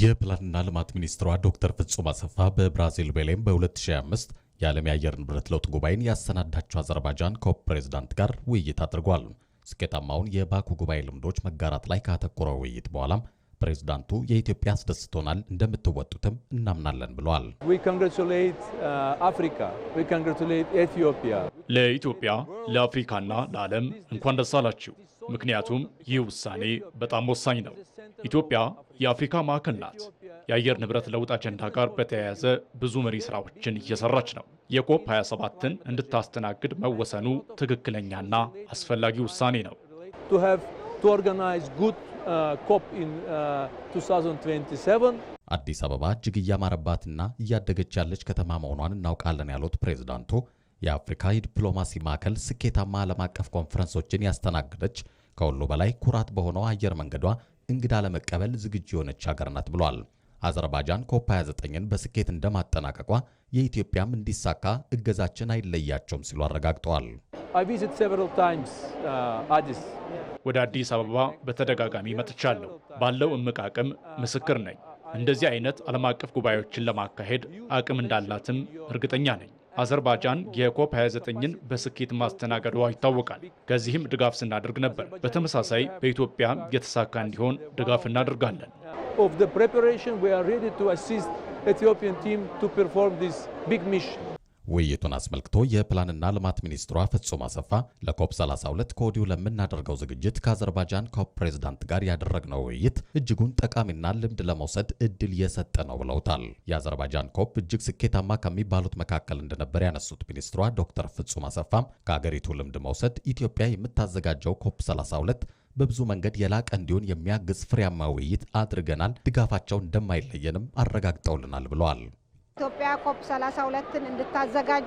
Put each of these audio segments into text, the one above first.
የፕላንና ልማት ሚኒስትሯ ዶክተር ፍጹም አሰፋ በብራዚል ቤሌም በ2025 የዓለም የአየር ንብረት ለውጥ ጉባኤን ያሰናዳቸው አዘርባጃን ኮፕ ፕሬዝዳንት ጋር ውይይት አድርጓል። ስኬታማውን የባኩ ጉባኤ ልምዶች መጋራት ላይ ካተኮረው ውይይት በኋላም ፕሬዝዳንቱ የኢትዮጵያ አስደስቶናል፣ እንደምትወጡትም እናምናለን ብለዋል። uh, ለኢትዮጵያ ለአፍሪካና ለዓለም እንኳን ደስ አላችሁ። ምክንያቱም ይህ ውሳኔ በጣም ወሳኝ ነው። ኢትዮጵያ የአፍሪካ ማዕከል ናት። የአየር ንብረት ለውጥ አጀንዳ ጋር በተያያዘ ብዙ መሪ ስራዎችን እየሰራች ነው። የኮፕ 27ን እንድታስተናግድ መወሰኑ ትክክለኛና አስፈላጊ ውሳኔ ነው። ኮፕ ኢን 2027 አዲስ አበባ እጅግ እያማረባትና እያደገች ያለች ከተማ መሆኗን እናውቃለን ያሉት ፕሬዝዳንቱ የአፍሪካ የዲፕሎማሲ ማዕከል ስኬታማ ዓለም አቀፍ ኮንፈረንሶችን ያስተናገደች፣ ከሁሉ በላይ ኩራት በሆነው አየር መንገዷ እንግዳ ለመቀበል ዝግጁ የሆነች ሀገር ናት ብሏል። አዘርባይጃን ኮፕ 29ን በስኬት እንደማጠናቀቋ የኢትዮጵያም እንዲሳካ እገዛችን አይለያቸውም ሲሉ አረጋግጠዋል። Uh, ወደ አዲስ አበባ በተደጋጋሚ መጥቻለሁ። ባለው እምቅ አቅም ምስክር ነኝ። እንደዚህ አይነት ዓለም አቀፍ ጉባኤዎችን ለማካሄድ አቅም እንዳላትም እርግጠኛ ነኝ። አዘርባይጃን የኮፕ 29ን በስኬት ማስተናገዷ ይታወቃል። ከዚህም ድጋፍ ስናደርግ ነበር። በተመሳሳይ በኢትዮጵያ የተሳካ እንዲሆን ድጋፍ እናደርጋለን። ሬዲ አሲስት ኢትዮጵያን ቲም ፐርፎርም ቢግ ሚሽን ውይይቱን አስመልክቶ የፕላንና ልማት ሚኒስትሯ ፍጹም አሰፋ ለኮፕ 32 ከወዲሁ ለምናደርገው ዝግጅት ከአዘርባጃን ኮፕ ፕሬዝዳንት ጋር ያደረግነው ውይይት እጅጉን ጠቃሚና ልምድ ለመውሰድ እድል የሰጠ ነው ብለውታል። የአዘርባጃን ኮፕ እጅግ ስኬታማ ከሚባሉት መካከል እንደነበር ያነሱት ሚኒስትሯ ዶክተር ፍጹም አሰፋም ከአገሪቱ ልምድ መውሰድ ኢትዮጵያ የምታዘጋጀው ኮፕ 32 በብዙ መንገድ የላቀ እንዲሆን የሚያግዝ ፍሬያማ ውይይት አድርገናል፣ ድጋፋቸው እንደማይለየንም አረጋግጠውልናል ብለዋል። ኢትዮጵያ ኮፕ 32ን እንድታዘጋጅ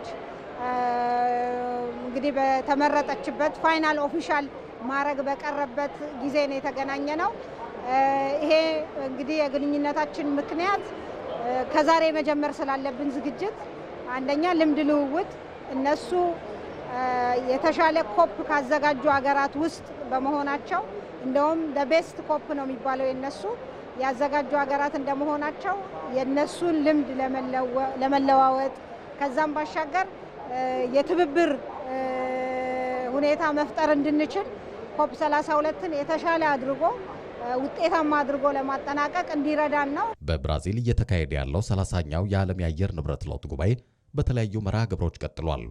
እንግዲህ በተመረጠችበት ፋይናል ኦፊሻል ማድረግ በቀረበት ጊዜ ነው የተገናኘ ነው። ይሄ እንግዲህ የግንኙነታችን ምክንያት ከዛሬ መጀመር ስላለብን ዝግጅት አንደኛ ልምድ ልውውጥ እነሱ የተሻለ ኮፕ ካዘጋጁ ሀገራት ውስጥ በመሆናቸው እንደውም ቤስት ኮፕ ነው የሚባለው የነሱ ያዘጋጁ ሀገራት እንደመሆናቸው የእነሱን ልምድ ለመለዋወጥ ከዛም ባሻገር የትብብር ሁኔታ መፍጠር እንድንችል ኮፕ 32ን የተሻለ አድርጎ ውጤታማ አድርጎ ለማጠናቀቅ እንዲረዳን ነው። በብራዚል እየተካሄደ ያለው 30ኛው የዓለም የአየር ንብረት ለውጥ ጉባኤ በተለያዩ መርሃ ግብሮች ቀጥሏል።